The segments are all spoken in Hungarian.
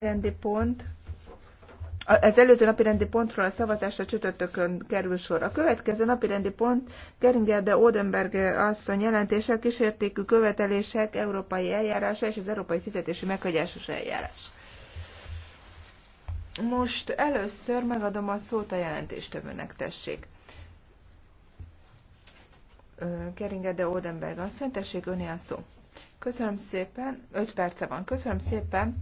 rendi pont, az előző napi rendi pontról a szavazásra csütörtökön kerül sor. A következő napi rendi pont Geringer de Odenberg asszony jelentése, kísértékű követelések európai eljárása és az európai fizetési meghagyásos eljárás. Most először megadom a szót a jelentéstevőnek, tessék. Geringer de Odenberg asszony, tessék öné a szó. Köszönöm szépen, 5 perce van, köszönöm szépen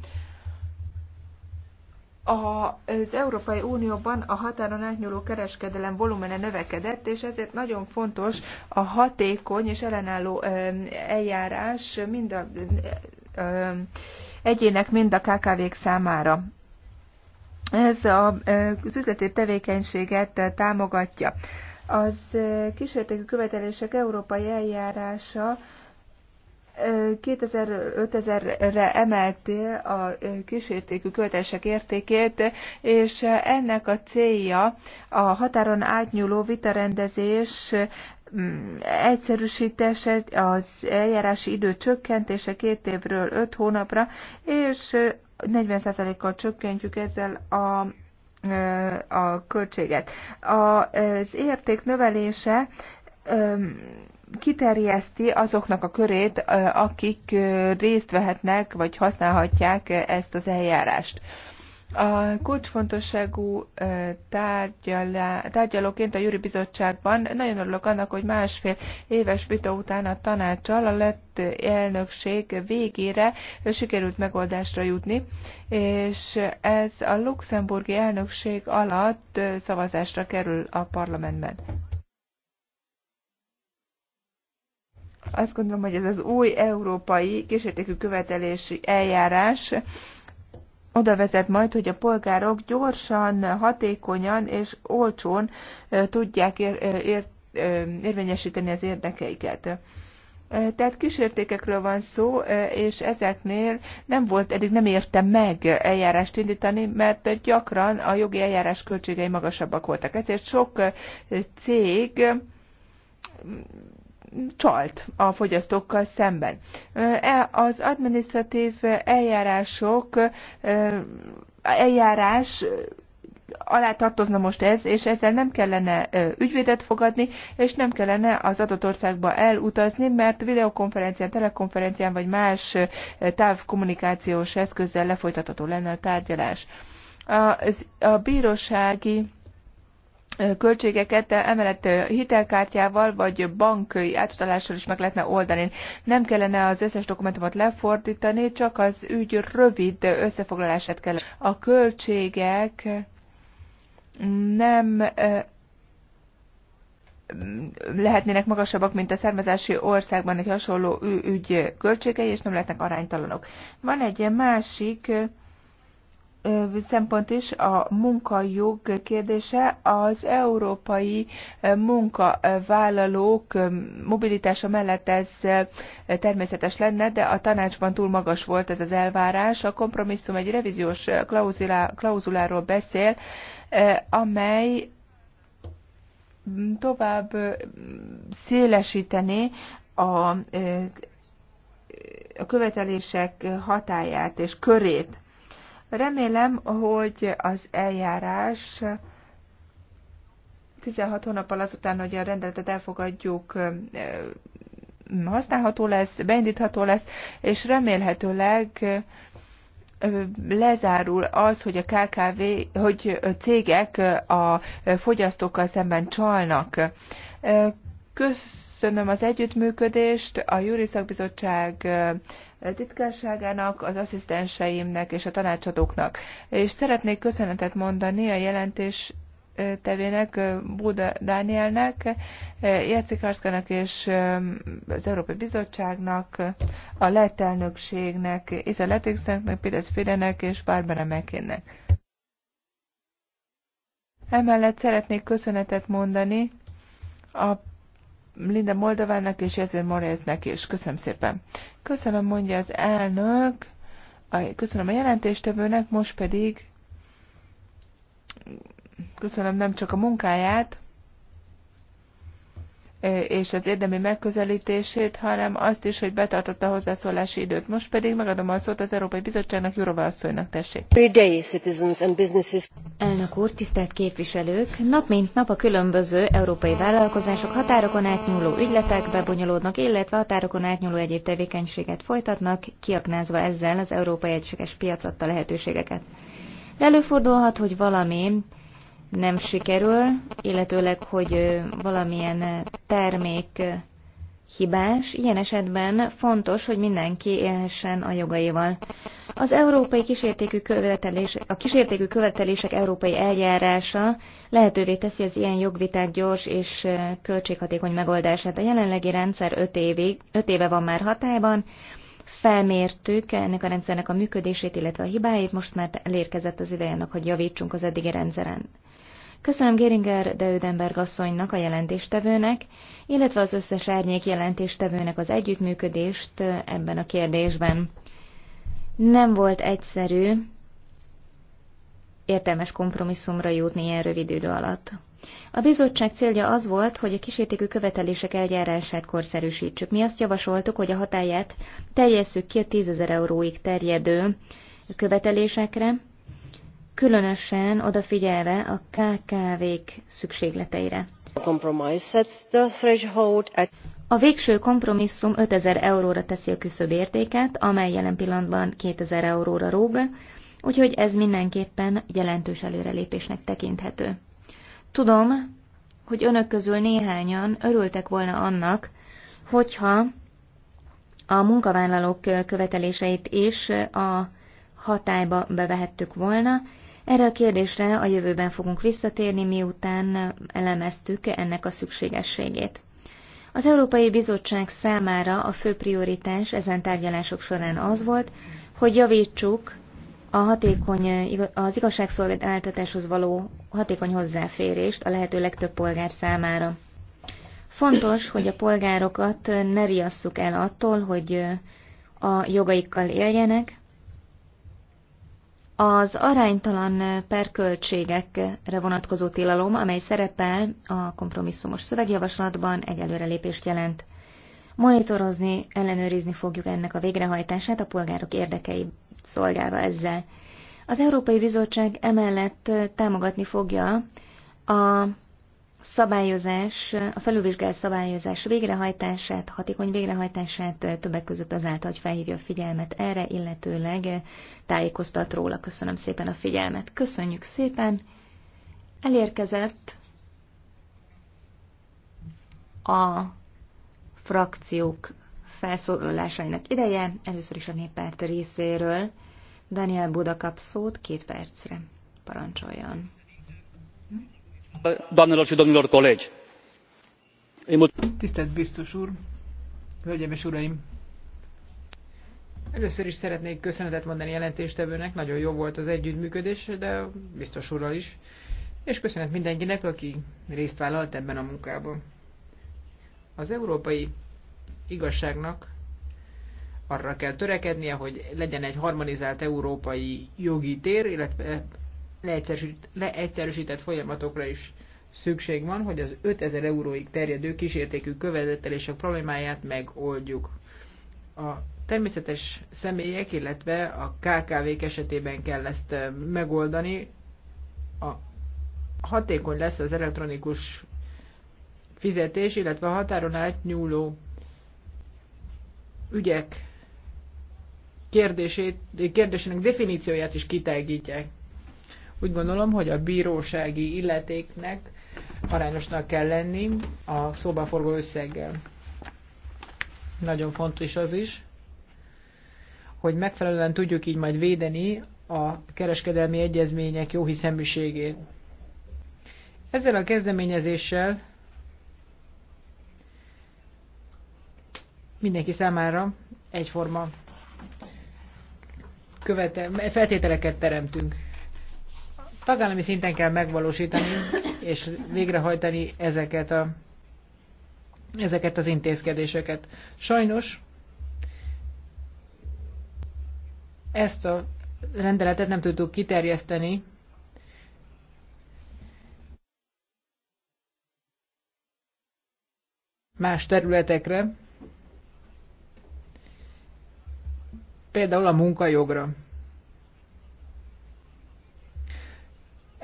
az Európai Unióban a határon átnyúló kereskedelem volumene növekedett, és ezért nagyon fontos a hatékony és ellenálló eljárás mind a egyének, mind a KKV-k számára. Ez az üzleti tevékenységet támogatja. Az kísértékű követelések európai eljárása 2000-5000-re emelti a kísértékű költések értékét, és ennek a célja a határon átnyúló vitarendezés mm, egyszerűsítése, az eljárási idő csökkentése két évről öt hónapra, és 40%-kal csökkentjük ezzel a a költséget. Az érték növelése kiterjeszti azoknak a körét, akik részt vehetnek, vagy használhatják ezt az eljárást. A kulcsfontosságú tárgyalóként a Júri Bizottságban nagyon örülök annak, hogy másfél éves vita után a tanácsal a lett elnökség végére sikerült megoldásra jutni, és ez a luxemburgi elnökség alatt szavazásra kerül a parlamentben. Azt gondolom, hogy ez az új európai kísértékű követelési eljárás oda vezet majd, hogy a polgárok gyorsan, hatékonyan és olcsón tudják ér, ér, érvényesíteni az érdekeiket. Tehát kísértékekről van szó, és ezeknél nem volt, eddig nem érte meg eljárást indítani, mert gyakran a jogi eljárás költségei magasabbak voltak. Ezért sok cég csalt a fogyasztókkal szemben. E, az adminisztratív eljárások eljárás alá tartozna most ez, és ezzel nem kellene ügyvédet fogadni, és nem kellene az adott országba elutazni, mert videokonferencián, telekonferencián vagy más távkommunikációs eszközzel lefolytatható lenne a tárgyalás. A, a bírósági költségeket emellett hitelkártyával vagy banki átutalással is meg lehetne oldani. Nem kellene az összes dokumentumot lefordítani, csak az ügy rövid összefoglalását kell. A költségek nem lehetnének magasabbak, mint a származási országban egy hasonló ügy költségei, és nem lehetnek aránytalanok. Van egy másik szempont is a munkajog kérdése, az európai munkavállalók mobilitása mellett ez természetes lenne, de a tanácsban túl magas volt ez az elvárás. A kompromisszum egy revíziós klauzuláról beszél, amely mm, tovább szélesítené a, a követelések hatáját és körét Remélem, hogy az eljárás 16 hónap alatt után, hogy a rendeletet elfogadjuk, használható lesz, beindítható lesz, és remélhetőleg lezárul az, hogy a KKV, hogy cégek a fogyasztókkal szemben csalnak. Köszönöm az együttműködést, a Júri Szakbizottság titkárságának, az asszisztenseimnek és a tanácsadóknak. És szeretnék köszönetet mondani a jelentés tevének, Buda Dánielnek, Jacikarszkának és az Európai Bizottságnak, a lett elnökségnek, Iza Letixnek, Pidesz Fidenek és Barbara Mekinnek. Emellett szeretnék köszönetet mondani a Linda Moldovának és Jezir Moreznek is. Köszönöm szépen. Köszönöm, mondja az elnök. Köszönöm a jelentéstevőnek, most pedig köszönöm nem csak a munkáját, és az érdemi megközelítését, hanem azt is, hogy betartotta a hozzászólási időt. Most pedig megadom a szót az Európai Bizottságnak, Jurova asszonynak, tessék elnök úr, tisztelt képviselők! Nap mint nap a különböző európai vállalkozások határokon átnyúló ügyletek bebonyolódnak, illetve határokon átnyúló egyéb tevékenységet folytatnak, kiaknázva ezzel az európai egységes piac adta lehetőségeket. De előfordulhat, hogy valami nem sikerül, illetőleg, hogy valamilyen termék hibás. Ilyen esetben fontos, hogy mindenki élhessen a jogaival. Az európai kísértékű követelések, a kísértékű követelések európai eljárása lehetővé teszi az ilyen jogviták gyors és költséghatékony megoldását. A jelenlegi rendszer 5, évig, 5 éve van már hatályban, felmértük ennek a rendszernek a működését, illetve a hibáit, most már elérkezett az ideje annak, hogy javítsunk az eddigi rendszeren. Köszönöm Geringer de Ödenberg asszonynak, a jelentéstevőnek, illetve az összes árnyék jelentéstevőnek az együttműködést ebben a kérdésben. Nem volt egyszerű értelmes kompromisszumra jutni ilyen rövid idő alatt. A bizottság célja az volt, hogy a kísértékű követelések eljárását korszerűsítsük. Mi azt javasoltuk, hogy a hatáját teljesszük ki a 10 ezer euróig terjedő követelésekre, különösen odafigyelve a KKV-k szükségleteire. A végső kompromisszum 5000 euróra teszi a küszöb értéket, amely jelen pillanatban 2000 euróra róg, úgyhogy ez mindenképpen jelentős előrelépésnek tekinthető. Tudom, hogy önök közül néhányan örültek volna annak, hogyha a munkavállalók követeléseit is a hatályba bevehettük volna. Erre a kérdésre a jövőben fogunk visszatérni, miután elemeztük ennek a szükségességét. Az Európai Bizottság számára a fő prioritás ezen tárgyalások során az volt, hogy javítsuk a hatékony, az igazságszolgáltatáshoz való hatékony hozzáférést a lehető legtöbb polgár számára. Fontos, hogy a polgárokat ne riasszuk el attól, hogy a jogaikkal éljenek, az aránytalan perköltségekre vonatkozó tilalom, amely szerepel a kompromisszumos szövegjavaslatban, egy előrelépést jelent. Monitorozni, ellenőrizni fogjuk ennek a végrehajtását, a polgárok érdekei szolgálva ezzel. Az Európai Bizottság emellett támogatni fogja a szabályozás, a felülvizsgált szabályozás végrehajtását, hatékony végrehajtását többek között azáltal, hogy felhívja a figyelmet erre, illetőleg tájékoztat róla. Köszönöm szépen a figyelmet. Köszönjük szépen. Elérkezett a frakciók felszólalásainak ideje, először is a néppárt részéről. Daniel Budakap szót két percre. Parancsoljon! doamnelor și domnilor colegi tisztelt biztos úr hölgyeim és uraim először is szeretnék köszönetet mondani jelentéstevőnek nagyon jó volt az együttműködés de biztos úrral is és köszönet mindenkinek aki részt vállalt ebben a munkában az európai igazságnak arra kell törekednie, hogy legyen egy harmonizált európai jogi tér, illetve leegyszerűsített, leegyszerűsített folyamatokra is szükség van, hogy az 5000 euróig terjedő kísértékű követelések problémáját megoldjuk. A természetes személyek, illetve a KKV-k esetében kell ezt megoldani. A hatékony lesz az elektronikus fizetés, illetve a határon átnyúló ügyek kérdését, kérdésének definícióját is kitágítják. Úgy gondolom, hogy a bírósági illetéknek arányosnak kell lenni a szóbaforgó összeggel. Nagyon fontos az is, hogy megfelelően tudjuk így majd védeni a kereskedelmi egyezmények jó hiszeműségét. Ezzel a kezdeményezéssel mindenki számára egyforma követel, feltételeket teremtünk. Tagállami szinten kell megvalósítani és végrehajtani ezeket, a, ezeket az intézkedéseket. Sajnos ezt a rendeletet nem tudtuk kiterjeszteni más területekre, például a munkajogra.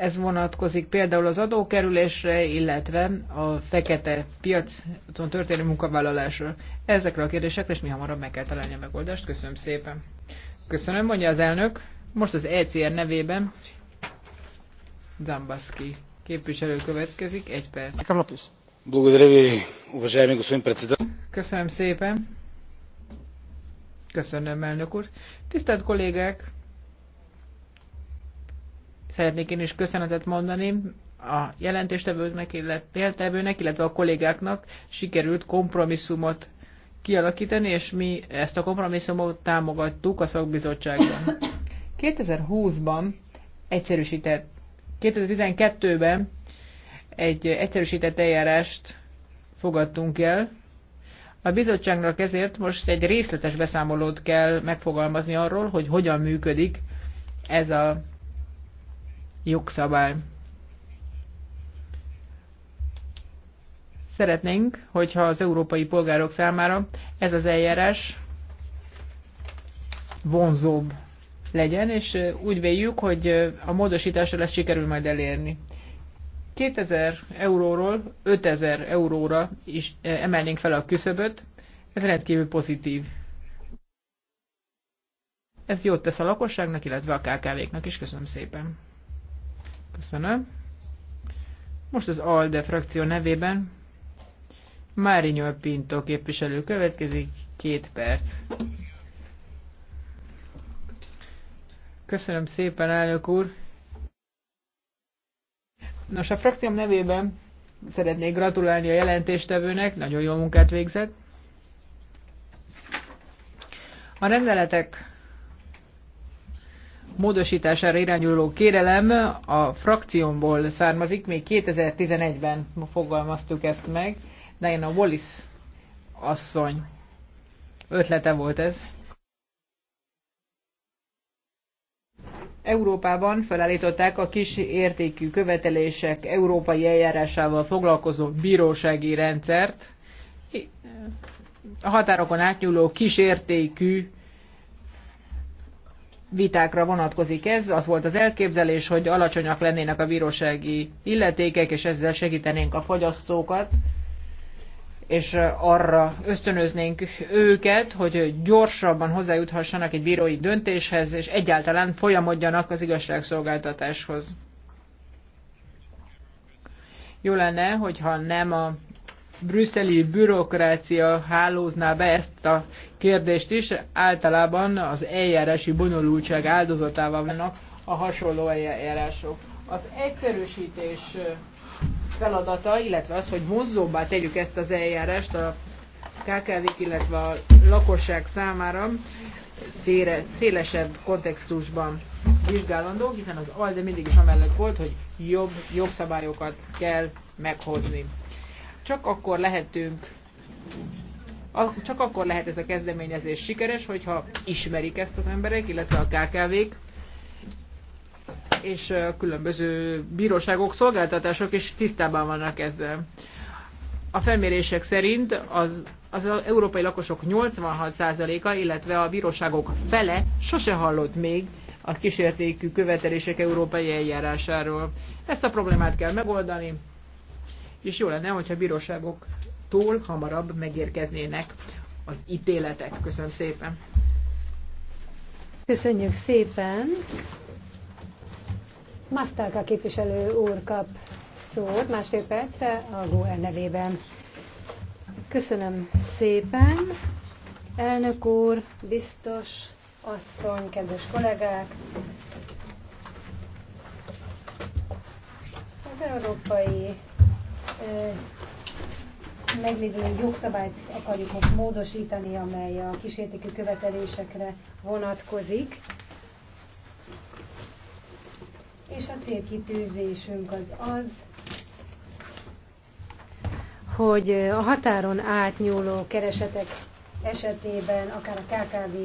Ez vonatkozik például az adókerülésre, illetve a fekete piacon történő munkavállalásra. Ezekre a kérdésekre is mi hamarabb meg kell találni a megoldást. Köszönöm szépen. Köszönöm, mondja az elnök. Most az ECR nevében Zambaszki képviselő következik. Egy perc. Köszönöm szépen. Köszönöm, elnök úr. Tisztelt kollégák! Szeretnék én is köszönetet mondani a jelentéstevőknek, illetve, illetve a kollégáknak sikerült kompromisszumot kialakítani, és mi ezt a kompromisszumot támogattuk a szakbizottságban. 2020-ban egyszerűsített, 2012-ben egy egyszerűsített eljárást fogadtunk el. A bizottságnak ezért most egy részletes beszámolót kell megfogalmazni arról, hogy hogyan működik ez a jogszabály. Szeretnénk, hogyha az európai polgárok számára ez az eljárás vonzóbb legyen, és úgy véljük, hogy a módosítással lesz sikerül majd elérni. 2000 euróról 5000 euróra is emelnénk fel a küszöböt, ez rendkívül pozitív. Ez jót tesz a lakosságnak, illetve a KKV-knak is. Köszönöm szépen! Köszönöm. Most az ALDE frakció nevében Márinyol Pinto képviselő következik, két perc. Köszönöm szépen, elnök úr. Nos, a frakcióm nevében szeretnék gratulálni a jelentéstevőnek, nagyon jó munkát végzett. A rendeletek módosítására irányuló kérelem a frakciómból származik, még 2011-ben fogalmaztuk ezt meg, de a Wallis asszony ötlete volt ez. Európában felállították a kis értékű követelések európai eljárásával foglalkozó bírósági rendszert, a határokon átnyúló kisértékű vitákra vonatkozik ez. Az volt az elképzelés, hogy alacsonyak lennének a bírósági illetékek, és ezzel segítenénk a fogyasztókat, és arra ösztönöznénk őket, hogy gyorsabban hozzájuthassanak egy bírói döntéshez, és egyáltalán folyamodjanak az igazságszolgáltatáshoz. Jó lenne, hogyha nem a brüsszeli bürokrácia hálózná be ezt a kérdést is, általában az eljárási bonyolultság áldozatával vannak a hasonló eljárások. Az egyszerűsítés feladata, illetve az, hogy mozzóbbá tegyük ezt az eljárást a kkv illetve a lakosság számára Széle, szélesebb kontextusban vizsgálandó, hiszen az ALDE mindig is amellett volt, hogy jobb jogszabályokat kell meghozni. Csak akkor lehetünk, csak akkor lehet ez a kezdeményezés sikeres, hogyha ismerik ezt az emberek, illetve a KKV-k, és különböző bíróságok, szolgáltatások is tisztában vannak ezzel. A felmérések szerint az, az európai lakosok 86%-a, illetve a bíróságok fele sose hallott még a kísértékű követelések európai eljárásáról. Ezt a problémát kell megoldani, és jó lenne, hogyha bíróságok bíróságoktól hamarabb megérkeznének az ítéletek. Köszönöm szépen! Köszönjük szépen! Masztálka képviselő úr kap szót másfél percre a GUE nevében. Köszönöm szépen, elnök úr, biztos asszony, kedves kollégák! Az Európai meglévő jogszabályt akarjuk most módosítani, amely a kísértékű követelésekre vonatkozik. És a célkitűzésünk az az, hogy a határon átnyúló keresetek esetében akár a kkv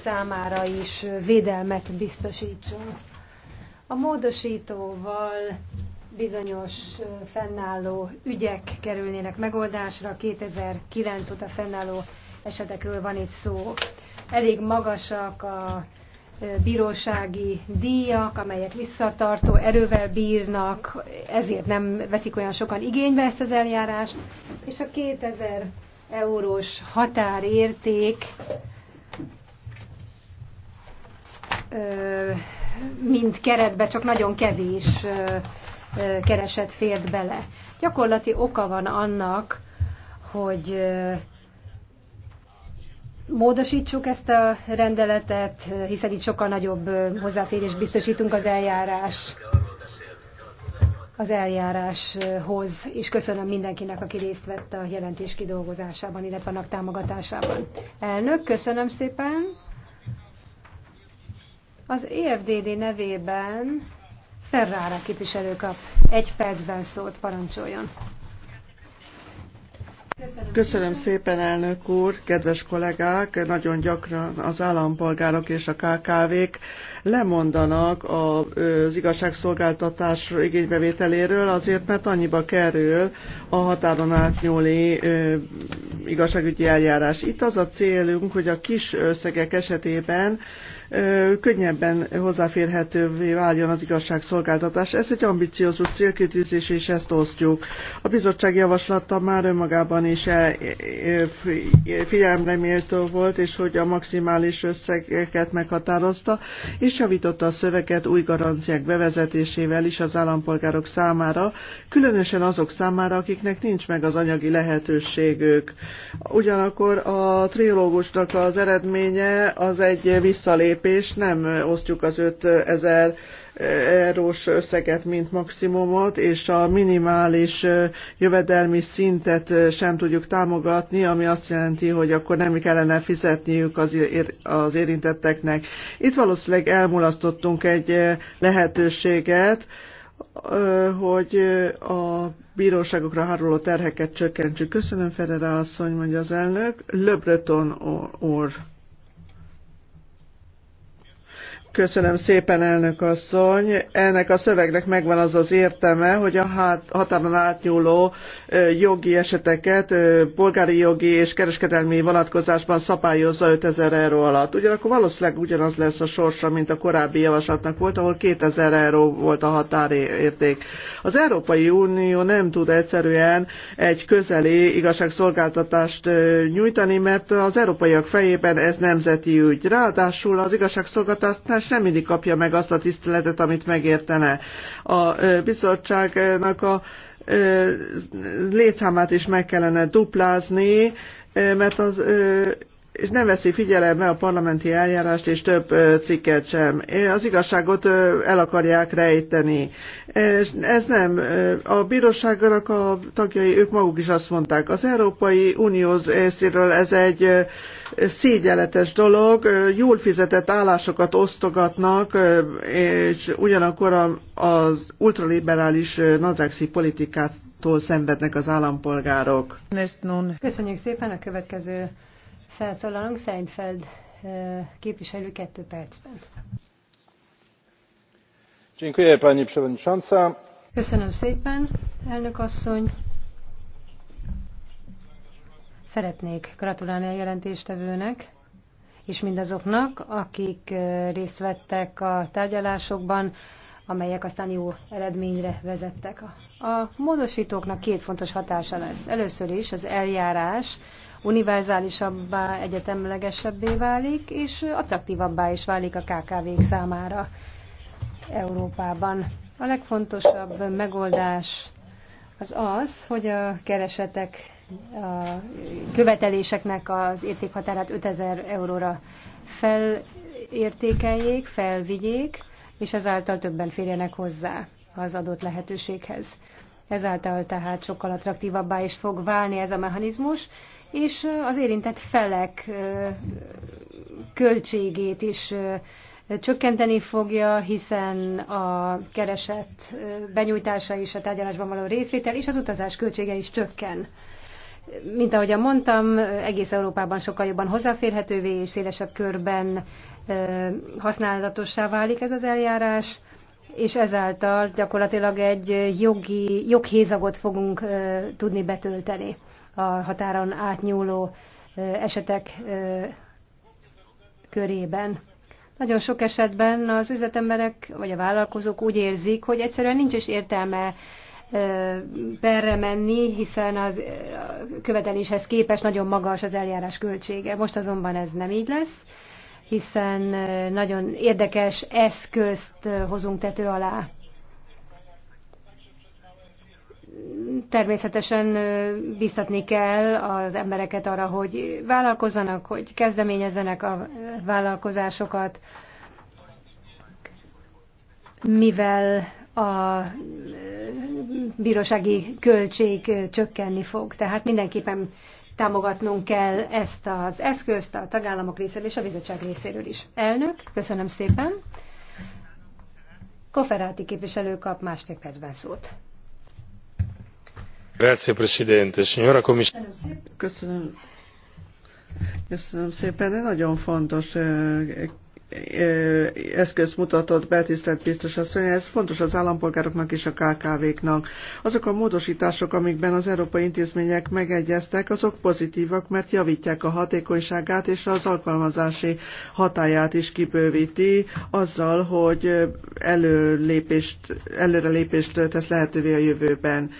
számára is védelmet biztosítsunk. A módosítóval bizonyos fennálló ügyek kerülnének megoldásra. 2009 óta fennálló esetekről van itt szó. Elég magasak a bírósági díjak, amelyek visszatartó erővel bírnak, ezért nem veszik olyan sokan igénybe ezt az eljárást, és a 2000 eurós határérték mint keretbe csak nagyon kevés kereset fért bele. Gyakorlati oka van annak, hogy módosítsuk ezt a rendeletet, hiszen itt sokkal nagyobb hozzáférés biztosítunk az eljárás az eljáráshoz, és köszönöm mindenkinek, aki részt vett a jelentés kidolgozásában, illetve annak támogatásában. Elnök, köszönöm szépen. Az EFDD nevében Ferrara képviselő kap egy percben szólt parancsoljon. Köszönöm. Köszönöm szépen, elnök úr, kedves kollégák! Nagyon gyakran az állampolgárok és a KKV-k lemondanak az igazságszolgáltatás igénybevételéről, azért mert annyiba kerül a határon átnyúli igazságügyi eljárás. Itt az a célunk, hogy a kis összegek esetében könnyebben hozzáférhetővé váljon az igazságszolgáltatás. Ez egy ambiciózus célkitűzés, és ezt osztjuk. A bizottság javaslata már önmagában is e, e, figyelemre méltó volt, és hogy a maximális összegeket meghatározta, és javította a szöveget új garanciák bevezetésével is az állampolgárok számára, különösen azok számára, akiknek nincs meg az anyagi lehetőségük. Ugyanakkor a triológusnak az eredménye az egy visszalépés, lépés, nem osztjuk az 5000 eurós összeget, mint maximumot, és a minimális jövedelmi szintet sem tudjuk támogatni, ami azt jelenti, hogy akkor nem kellene fizetniük az, érintetteknek. Itt valószínűleg elmulasztottunk egy lehetőséget, hogy a bíróságokra háruló terheket csökkentsük. Köszönöm, Ferere asszony, mondja az elnök. Le Breton or. Köszönöm szépen, elnök asszony. Ennek a szövegnek megvan az az értelme, hogy a hát- határon átnyúló jogi eseteket polgári jogi és kereskedelmi vonatkozásban szabályozza 5000 euró alatt. Ugyanakkor valószínűleg ugyanaz lesz a sorsa, mint a korábbi javaslatnak volt, ahol 2000 euró volt a határérték. Az Európai Unió nem tud egyszerűen egy közeli igazságszolgáltatást nyújtani, mert az európaiak fejében ez nemzeti ügy. Ráadásul az igazságszolgáltatás és nem mindig kapja meg azt a tiszteletet, amit megértene. A bizottságnak a létszámát is meg kellene duplázni, mert az és nem veszi figyelembe a parlamenti eljárást és több cikket sem. Az igazságot el akarják rejteni. Ez nem. A bíróságnak a tagjai, ők maguk is azt mondták, az Európai Unió részéről ez egy szégyeletes dolog, jól fizetett állásokat osztogatnak, és ugyanakkor az ultraliberális nadrágszi politikától szenvednek az állampolgárok. Köszönjük szépen a következő felszólalunk Seinfeld képviselő kettő percben. Köszönöm szépen, elnök asszony. Szeretnék gratulálni a jelentéstevőnek, és mindazoknak, akik részt vettek a tárgyalásokban, amelyek aztán jó eredményre vezettek. A módosítóknak két fontos hatása lesz. Először is az eljárás, univerzálisabbá, egyetemlegesebbé válik, és attraktívabbá is válik a KKV-k számára Európában. A legfontosabb megoldás az az, hogy a keresetek a követeléseknek az értékhatárát 5000 euróra felértékeljék, felvigyék, és ezáltal többen férjenek hozzá az adott lehetőséghez. Ezáltal tehát sokkal attraktívabbá is fog válni ez a mechanizmus, és az érintett felek költségét is csökkenteni fogja, hiszen a keresett benyújtása is a tárgyalásban való részvétel, és az utazás költsége is csökken. Mint ahogyan mondtam, egész Európában sokkal jobban hozzáférhetővé és szélesebb körben használatossá válik ez az eljárás, és ezáltal gyakorlatilag egy jogi, joghézagot fogunk tudni betölteni a határon átnyúló esetek körében. Nagyon sok esetben az üzletemberek vagy a vállalkozók úgy érzik, hogy egyszerűen nincs is értelme perre menni, hiszen az követeléshez képest nagyon magas az eljárás költsége. Most azonban ez nem így lesz, hiszen nagyon érdekes eszközt hozunk tető alá. Természetesen biztatni kell az embereket arra, hogy vállalkozzanak, hogy kezdeményezzenek a vállalkozásokat, mivel a bírósági költség csökkenni fog. Tehát mindenképpen támogatnunk kell ezt az eszközt a tagállamok részéről és a bizottság részéről is. Elnök, köszönöm szépen. Koferáti képviselő kap másfél percben szót. Grazie, Presidente. Köszönöm. szépen. nagyon fontos eszköz mutatott be, tisztelt biztos asszony, ez fontos az állampolgároknak és a KKV-knak. Azok a módosítások, amikben az európai intézmények megegyeztek, azok pozitívak, mert javítják a hatékonyságát és az alkalmazási hatáját is kibővíti azzal, hogy előrelépést tesz lehetővé a jövőben.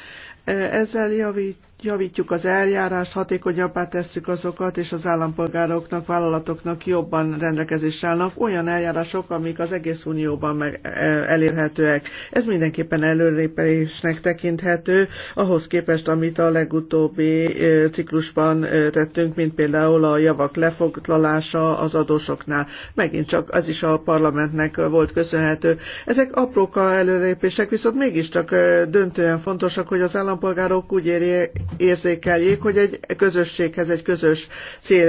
Ezzel javít javítjuk az eljárást, hatékonyabbá tesszük azokat, és az állampolgároknak, vállalatoknak jobban rendelkezésre állnak olyan eljárások, amik az egész Unióban meg, e, elérhetőek. Ez mindenképpen előrépésnek tekinthető, ahhoz képest, amit a legutóbbi e, ciklusban e, tettünk, mint például a javak lefoglalása az adósoknál. Megint csak az is a parlamentnek volt köszönhető. Ezek apróka előrépések, viszont mégiscsak döntően fontosak, hogy az állampolgárok úgy érjék, érzékeljék, hogy egy közösséghez, egy közös cél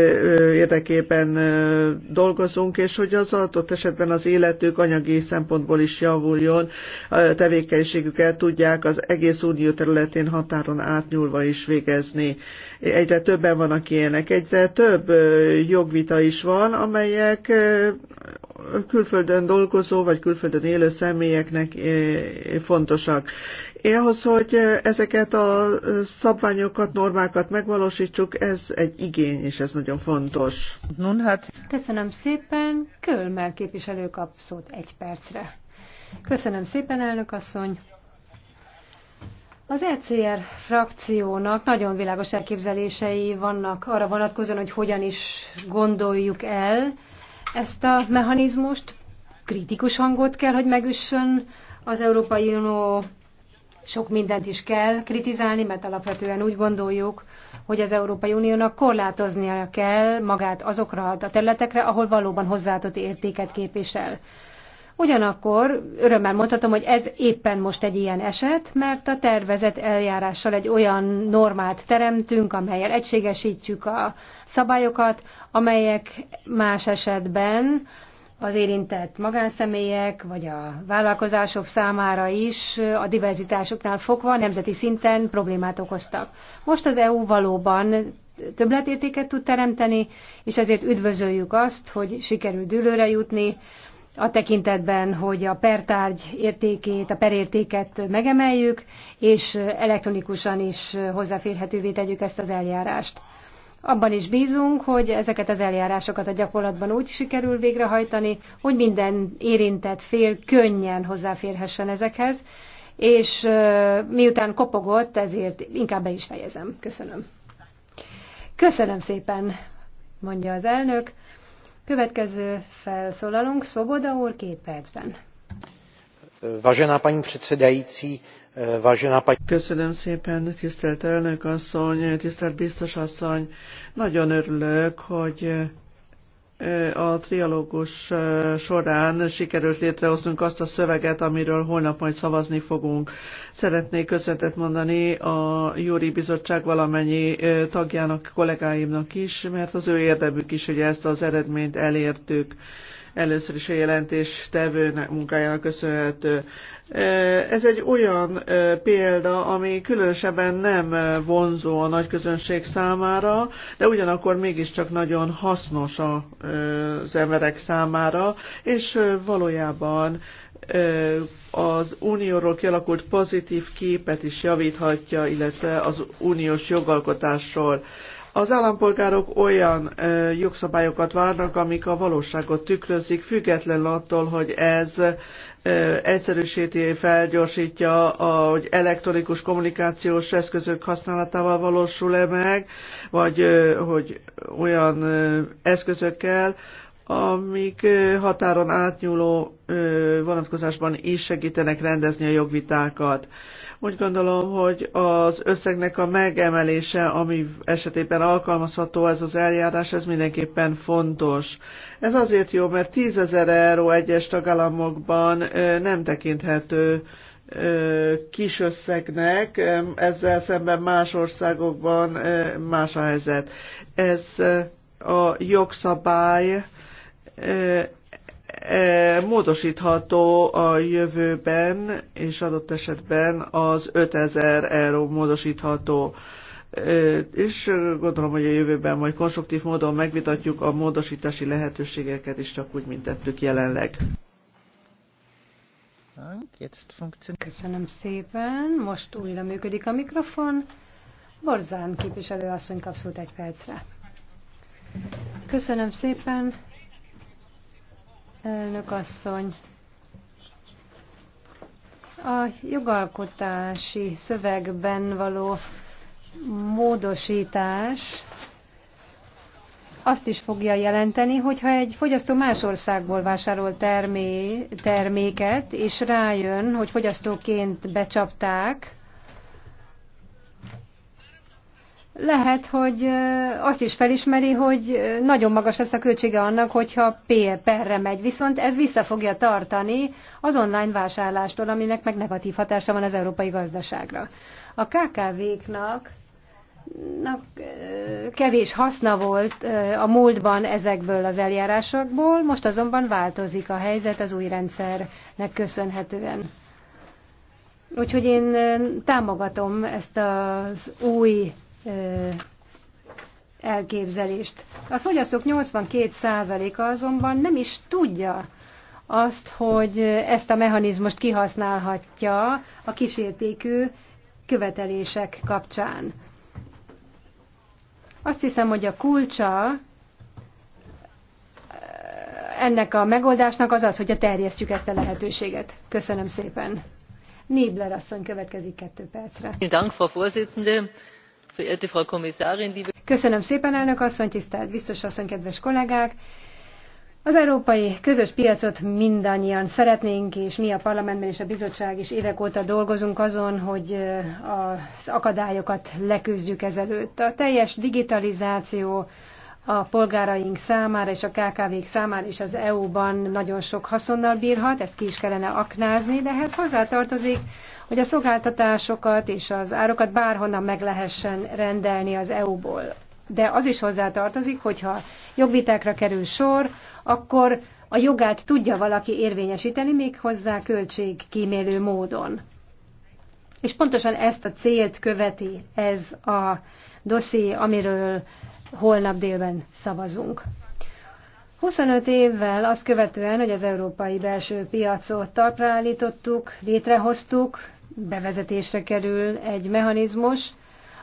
érdekében dolgozunk, és hogy az adott esetben az életük anyagi szempontból is javuljon, a tevékenységüket tudják az egész unió területén határon átnyúlva is végezni. Egyre többen vannak ilyenek, egyre több jogvita is van, amelyek külföldön dolgozó vagy külföldön élő személyeknek fontosak ahhoz, hogy ezeket a szabványokat, normákat megvalósítsuk, ez egy igény, és ez nagyon fontos. Nun, hát... Köszönöm szépen. Kölmel képviselő kap szót egy percre. Köszönöm szépen, elnök asszony. Az ECR frakciónak nagyon világos elképzelései vannak arra vonatkozóan, hogy hogyan is gondoljuk el ezt a mechanizmust. Kritikus hangot kell, hogy megüssön az Európai Unió sok mindent is kell kritizálni, mert alapvetően úgy gondoljuk, hogy az Európai Uniónak korlátoznia kell magát azokra a területekre, ahol valóban hozzáadott értéket képvisel. Ugyanakkor örömmel mondhatom, hogy ez éppen most egy ilyen eset, mert a tervezett eljárással egy olyan normát teremtünk, amelyel egységesítjük a szabályokat, amelyek más esetben az érintett magánszemélyek vagy a vállalkozások számára is a diverzitásoknál fogva nemzeti szinten problémát okoztak. Most az EU valóban többletértéket tud teremteni, és ezért üdvözöljük azt, hogy sikerült dőlőre jutni, a tekintetben, hogy a pertárgy értékét, a perértéket megemeljük, és elektronikusan is hozzáférhetővé tegyük ezt az eljárást. Abban is bízunk, hogy ezeket az eljárásokat a gyakorlatban úgy sikerül végrehajtani, hogy minden érintett fél könnyen hozzáférhessen ezekhez, és miután kopogott, ezért inkább be is fejezem. Köszönöm. Köszönöm szépen, mondja az elnök. Következő felszólalunk Szoboda úr két percben. Vážená paní předsedající, vážená paní... Köszönöm szépen, tisztelt elnök asszony, tisztelt biztos asszony. Nagyon örülök, hogy eh, a trialógus eh, során sikerült létrehoznunk azt a szöveget, amiről holnap majd szavazni fogunk. Szeretnék köszöntet mondani a Júri Bizottság valamennyi eh, tagjának, kollégáimnak is, mert az ő érdemük is, hogy ezt az eredményt elértük először is a jelentés tevő munkájának köszönhető. Ez egy olyan példa, ami különösebben nem vonzó a nagy közönség számára, de ugyanakkor mégiscsak nagyon hasznos az emberek számára, és valójában az unióról kialakult pozitív képet is javíthatja, illetve az uniós jogalkotásról. Az állampolgárok olyan ö, jogszabályokat várnak, amik a valóságot tükrözik, független attól, hogy ez ö, egyszerűsíti, felgyorsítja, a, hogy elektronikus kommunikációs eszközök használatával valósul-e meg, vagy ö, hogy olyan ö, eszközökkel, amik határon átnyúló vonatkozásban is segítenek rendezni a jogvitákat. Ö, úgy gondolom, hogy az összegnek a megemelése, ami esetében alkalmazható ez az eljárás, ez mindenképpen fontos. Ez azért jó, mert 10 ezer euró egyes tagállamokban nem tekinthető kis összegnek, ezzel szemben más országokban más a helyzet. Ez a jogszabály módosítható a jövőben, és adott esetben az 5000 euró módosítható. És gondolom, hogy a jövőben majd konstruktív módon megvitatjuk a módosítási lehetőségeket is, csak úgy, mint tettük jelenleg. Köszönöm szépen. Most újra működik a mikrofon. Borzán képviselő asszony kapszult egy percre. Köszönöm szépen elnök asszony. A jogalkotási szövegben való módosítás azt is fogja jelenteni, hogyha egy fogyasztó más országból vásárol termé, terméket, és rájön, hogy fogyasztóként becsapták, lehet, hogy azt is felismeri, hogy nagyon magas lesz a költsége annak, hogyha perre megy, viszont ez vissza fogja tartani az online vásárlástól, aminek meg negatív hatása van az európai gazdaságra. A KKV-knak kevés haszna volt a múltban ezekből az eljárásokból, most azonban változik a helyzet az új rendszernek köszönhetően. Úgyhogy én támogatom ezt az új elképzelést. A fogyasztók 82%-a azonban nem is tudja azt, hogy ezt a mechanizmust kihasználhatja a kísértékű követelések kapcsán. Azt hiszem, hogy a kulcsa ennek a megoldásnak az az, hogy a terjesztjük ezt a lehetőséget. Köszönöm szépen. Nébler asszony következik kettő percre verehrte Frau Kommissarin, liebe Köszönöm szépen, elnök asszony, tisztelt biztos asszony, kedves kollégák! Az európai közös piacot mindannyian szeretnénk, és mi a parlamentben és a bizottság is évek óta dolgozunk azon, hogy az akadályokat leküzdjük ezelőtt. A teljes digitalizáció a polgáraink számára és a KKV-k számára is az EU-ban nagyon sok haszonnal bírhat, ezt ki is kellene aknázni, de ehhez hozzátartozik hogy a szolgáltatásokat és az árokat bárhonnan meg lehessen rendelni az EU-ból. De az is hozzátartozik, hogyha jogvitákra kerül sor, akkor a jogát tudja valaki érvényesíteni, még hozzá költségkímélő módon. És pontosan ezt a célt követi ez a dosszié, amiről holnap délben szavazunk. 25 évvel azt követően, hogy az európai belső piacot talpra állítottuk, létrehoztuk, bevezetésre kerül egy mechanizmus,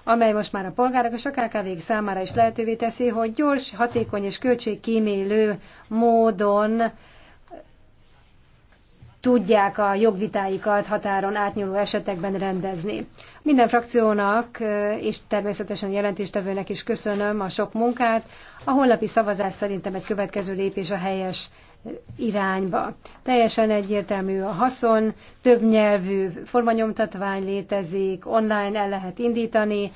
amely most már a polgárok és a kkv számára is lehetővé teszi, hogy gyors, hatékony és költségkímélő módon tudják a jogvitáikat határon átnyúló esetekben rendezni. Minden frakciónak és természetesen jelentéstevőnek is köszönöm a sok munkát. A honlapi szavazás szerintem egy következő lépés a helyes irányba. Teljesen egyértelmű a haszon, nyelvű, formanyomtatvány létezik, online el lehet indítani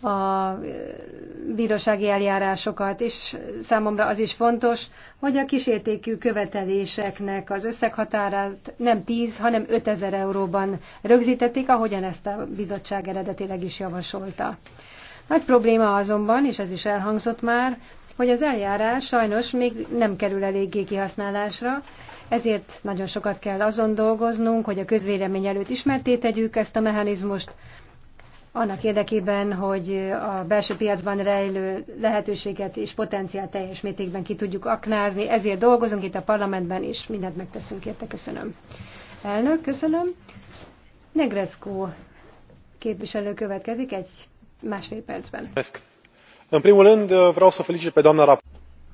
a e, bírósági eljárásokat, és számomra az is fontos, hogy a kísértékű követeléseknek az összeghatárát nem 10, hanem 5000 euróban rögzítették, ahogyan ezt a bizottság eredetileg is javasolta. Nagy probléma azonban, és ez is elhangzott már, hogy az eljárás sajnos még nem kerül eléggé kihasználásra, ezért nagyon sokat kell azon dolgoznunk, hogy a közvélemény előtt ismerté tegyük ezt a mechanizmust, annak érdekében, hogy a belső piacban rejlő lehetőséget és potenciált teljes mértékben ki tudjuk aknázni. Ezért dolgozunk itt a parlamentben, és mindent megteszünk érte. Köszönöm. Elnök, köszönöm. Negreszkó képviselő következik egy másfél percben. Köszönöm în primul rând uh, vreau să felicit pe doamna Rap.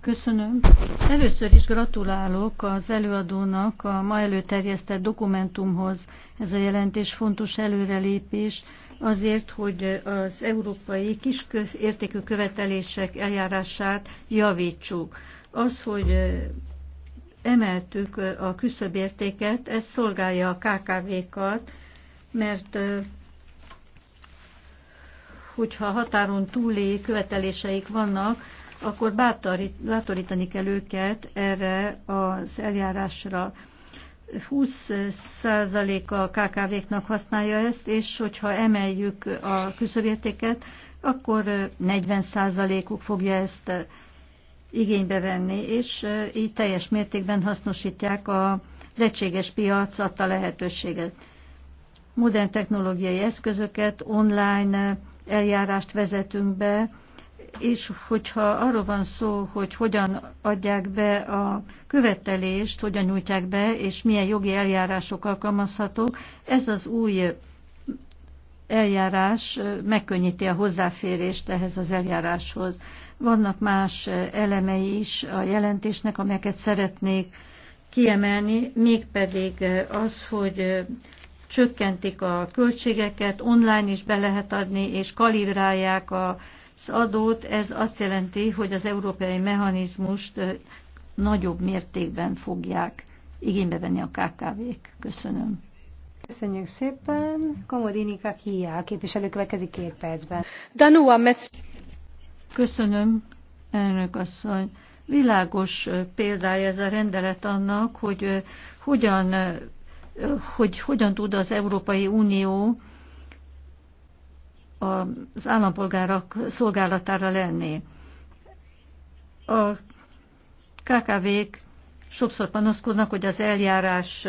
Köszönöm. Először is gratulálok az előadónak a ma előterjesztett dokumentumhoz. Ez a jelentés fontos előrelépés azért, hogy az európai kis értékű követelések eljárását javítsuk. Az, hogy emeltük a küszöbértéket, ez szolgálja a KKV-kat, mert hogyha határon túli követeléseik vannak, akkor bátorítani kell őket erre az eljárásra. 20% a KKV-knak használja ezt, és hogyha emeljük a küszöbértéket, akkor 40%-uk fogja ezt igénybe venni, és így teljes mértékben hasznosítják az egységes piac adta lehetőséget. Modern technológiai eszközöket, online eljárást vezetünk be, és hogyha arról van szó, hogy hogyan adják be a követelést, hogyan nyújtják be, és milyen jogi eljárások alkalmazhatók, ez az új eljárás megkönnyíti a hozzáférést ehhez az eljáráshoz. Vannak más elemei is a jelentésnek, amelyeket szeretnék kiemelni, mégpedig az, hogy csökkentik a költségeket, online is be lehet adni, és kalibrálják az adót. Ez azt jelenti, hogy az európai mechanizmust nagyobb mértékben fogják igénybe venni a KKV-k. Köszönöm. Köszönjük szépen. Kakia, a képviselő következik két percben. Danua Metz. Köszönöm, elnök asszony. Világos példája ez a rendelet annak, hogy hogyan hogy hogyan tud az Európai Unió az állampolgárok szolgálatára lenni. A KKV-k sokszor panaszkodnak, hogy az eljárás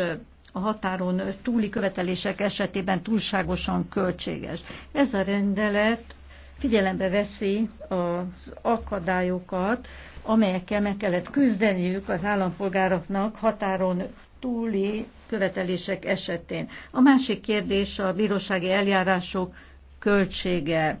a határon túli követelések esetében túlságosan költséges. Ez a rendelet figyelembe veszi az akadályokat, amelyekkel meg kellett küzdeniük az állampolgároknak határon túli követelések esetén. A másik kérdés a bírósági eljárások költsége.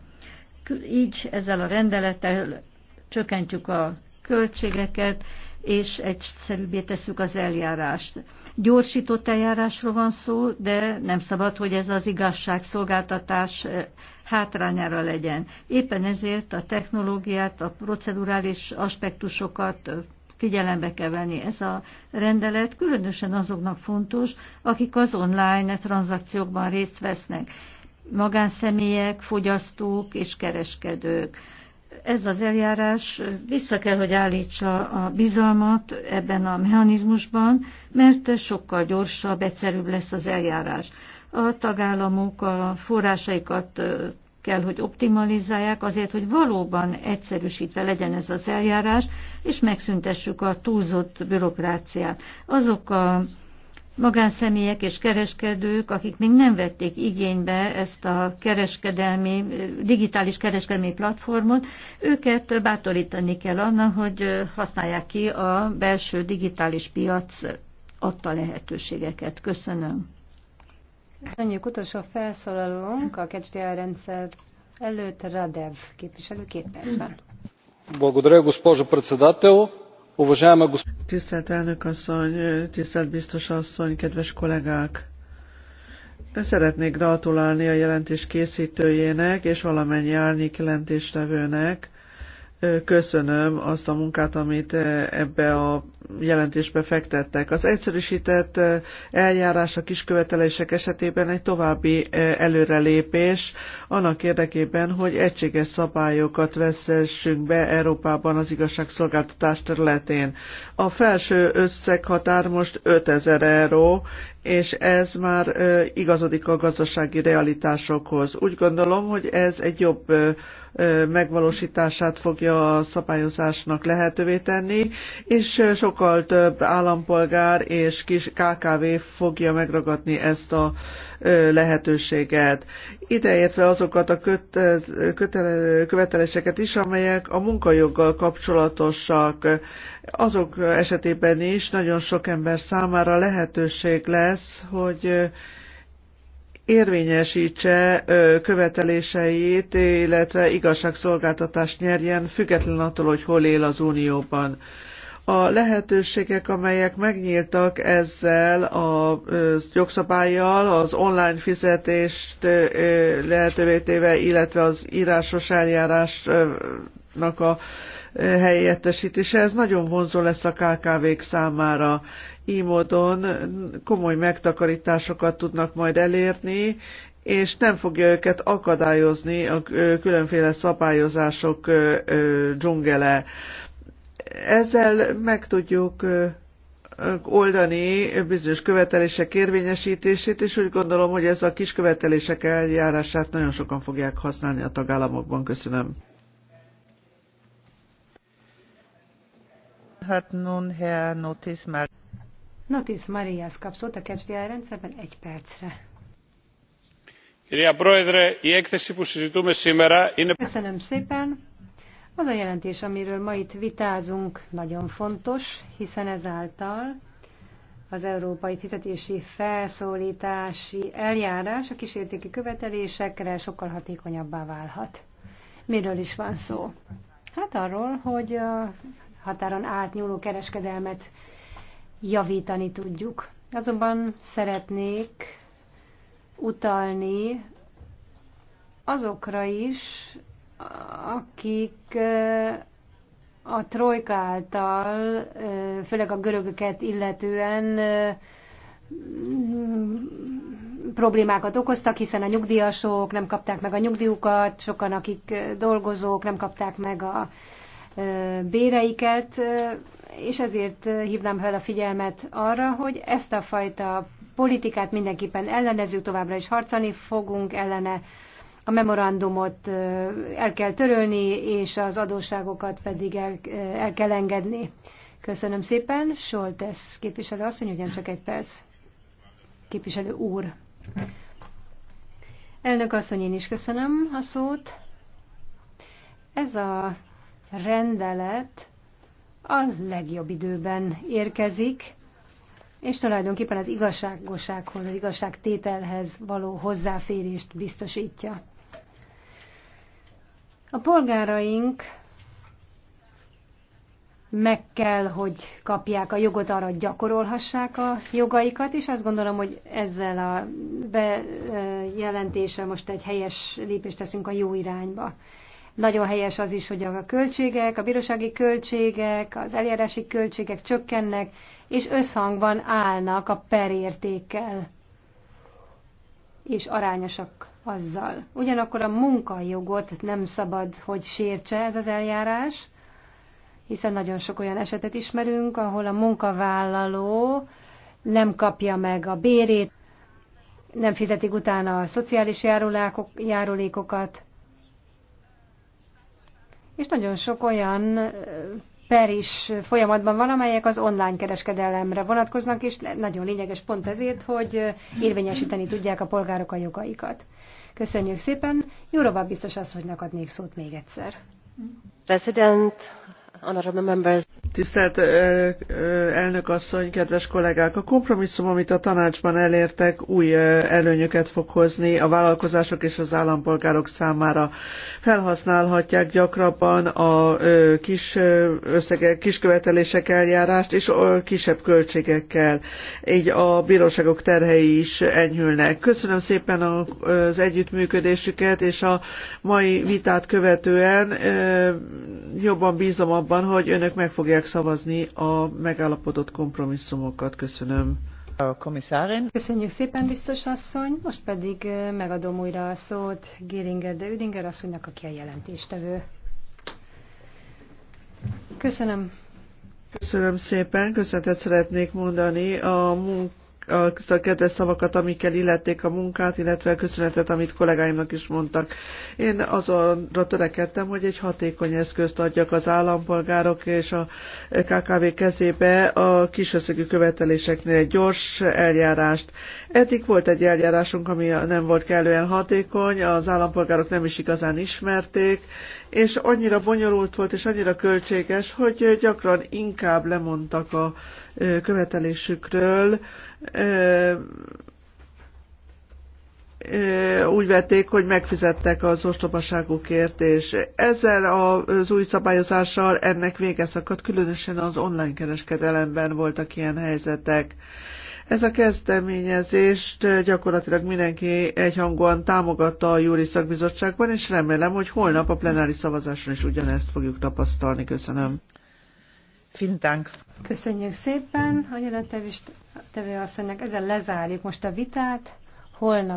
Így ezzel a rendelettel csökkentjük a költségeket, és egyszerűbbé tesszük az eljárást. Gyorsított eljárásról van szó, de nem szabad, hogy ez az igazságszolgáltatás eh, hátrányára legyen. Éppen ezért a technológiát, a procedurális aspektusokat eh, figyelembe kell venni. Ez a rendelet különösen azoknak fontos, akik az online tranzakciókban részt vesznek. Magánszemélyek, fogyasztók és kereskedők. Ez az eljárás vissza kell, hogy állítsa a bizalmat ebben a mechanizmusban, mert sokkal gyorsabb, egyszerűbb lesz az eljárás a tagállamok a forrásaikat kell, hogy optimalizálják azért, hogy valóban egyszerűsítve legyen ez az eljárás, és megszüntessük a túlzott bürokráciát. Azok a magánszemélyek és kereskedők, akik még nem vették igénybe ezt a kereskedelmi, digitális kereskedelmi platformot, őket bátorítani kell anna, hogy használják ki a belső digitális piac adta lehetőségeket. Köszönöm. Köszönjük utolsó felszólalónk a kecsdi rendszer előtt Radev képviselő két percben. Благодаря, госпожо председател. Уважаема Tisztelt elnök asszony, tisztelt biztos asszony, kedves kollégák! Szeretnék gratulálni a jelentés készítőjének és valamennyi árnyék jelentéstevőnek köszönöm azt a munkát, amit ebbe a jelentésbe fektettek. Az egyszerűsített eljárás a kiskövetelések esetében egy további előrelépés annak érdekében, hogy egységes szabályokat veszessünk be Európában az igazságszolgáltatás területén. A felső összeghatár most 5000 euró, és ez már igazodik a gazdasági realitásokhoz. Úgy gondolom, hogy ez egy jobb megvalósítását fogja a szabályozásnak lehetővé tenni, és sokkal több állampolgár és kis KKV fogja megragadni ezt a lehetőséget. Ideértve azokat a követeléseket is, amelyek a munkajoggal kapcsolatosak, azok esetében is nagyon sok ember számára lehetőség lesz, hogy érvényesítse követeléseit, illetve igazságszolgáltatást nyerjen, független attól, hogy hol él az Unióban. A lehetőségek, amelyek megnyíltak ezzel a jogszabályjal, az online fizetést lehetővé téve, illetve az írásos eljárásnak a helyettesítése. Ez nagyon vonzó lesz a KKV-k számára. Így módon komoly megtakarításokat tudnak majd elérni, és nem fogja őket akadályozni a különféle szabályozások dzsungele. Ezzel meg tudjuk oldani bizonyos követelések érvényesítését, és úgy gondolom, hogy ez a kis követelések eljárását nagyon sokan fogják használni a tagállamokban. Köszönöm. hat nun Herr Notis Mar Notis Marias kap szót a kecsdiáj rendszerben egy percre. Köszönöm szépen. Az a jelentés, amiről ma itt vitázunk, nagyon fontos, hiszen ezáltal az európai fizetési felszólítási eljárás a kísértéki követelésekre sokkal hatékonyabbá válhat. Miről is van szó? Hát arról, hogy a határon átnyúló kereskedelmet javítani tudjuk. Azonban szeretnék utalni azokra is, akik eh, a trojka által, eh, főleg a görögöket illetően eh, problémákat okoztak, hiszen a nyugdíjasok nem kapták meg a nyugdíjukat, sokan, akik dolgozók, nem kapták meg a béreiket, és ezért hívnám fel a figyelmet arra, hogy ezt a fajta politikát mindenképpen ellenezzük, továbbra is harcolni fogunk ellene, a memorandumot el kell törölni, és az adósságokat pedig el, el kell engedni. Köszönöm szépen. Soltesz képviselő asszony, csak egy perc. Képviselő úr. Elnök asszony, én is köszönöm a szót. Ez a rendelet a legjobb időben érkezik, és tulajdonképpen az igazságosághoz, az igazságtételhez való hozzáférést biztosítja. A polgáraink meg kell, hogy kapják a jogot arra, hogy gyakorolhassák a jogaikat, és azt gondolom, hogy ezzel a bejelentéssel most egy helyes lépést teszünk a jó irányba. Nagyon helyes az is, hogy a költségek, a bírósági költségek, az eljárási költségek csökkennek, és összhangban állnak a perértékkel, és arányosak azzal. Ugyanakkor a munkajogot nem szabad, hogy sértse ez az eljárás, hiszen nagyon sok olyan esetet ismerünk, ahol a munkavállaló nem kapja meg a bérét, nem fizetik utána a szociális járulékokat, és nagyon sok olyan per is folyamatban van, amelyek az online kereskedelemre vonatkoznak, és nagyon lényeges pont ezért, hogy érvényesíteni tudják a polgárok a jogaikat. Köszönjük szépen. Jóróban biztos asszonynak adnék szót még egyszer. President, honorable members. Tisztelt elnök asszony, kedves kollégák! A kompromisszum, amit a tanácsban elértek, új előnyöket fog hozni a vállalkozások és az állampolgárok számára. Felhasználhatják gyakrabban a kis, összege, kis eljárást és kisebb költségekkel. Így a bíróságok terhei is enyhülnek. Köszönöm szépen az együttműködésüket, és a mai vitát követően jobban bízom abban, hogy önök meg fogják fogják szavazni a megállapodott kompromisszumokat. Köszönöm. A komisszárin. Köszönjük szépen, biztos asszony. Most pedig megadom újra a szót Géringer de Üdinger asszonynak, aki a jelentéstevő. Köszönöm. Köszönöm szépen, köszönetet szeretnék mondani a munka a kedves szavakat, amikkel illették a munkát, illetve a köszönetet, amit kollégáimnak is mondtak. Én azonra törekedtem, hogy egy hatékony eszközt adjak az állampolgárok és a KKV kezébe a kisösszegű követeléseknél egy gyors eljárást. Eddig volt egy eljárásunk, ami nem volt kellően hatékony, az állampolgárok nem is igazán ismerték, és annyira bonyolult volt, és annyira költséges, hogy gyakran inkább lemondtak a követelésükről, úgy vették, hogy megfizettek az ostobaságukért, és ezzel az új szabályozással ennek vége szakadt, különösen az online kereskedelemben voltak ilyen helyzetek. Ez a kezdeményezést gyakorlatilag mindenki egyhangúan támogatta a Júri Szakbizottságban, és remélem, hogy holnap a plenári szavazáson is ugyanezt fogjuk tapasztalni. Köszönöm. Köszönjük szépen a jelentévő asszonynak. Ezzel lezárjuk most a vitát. Holnap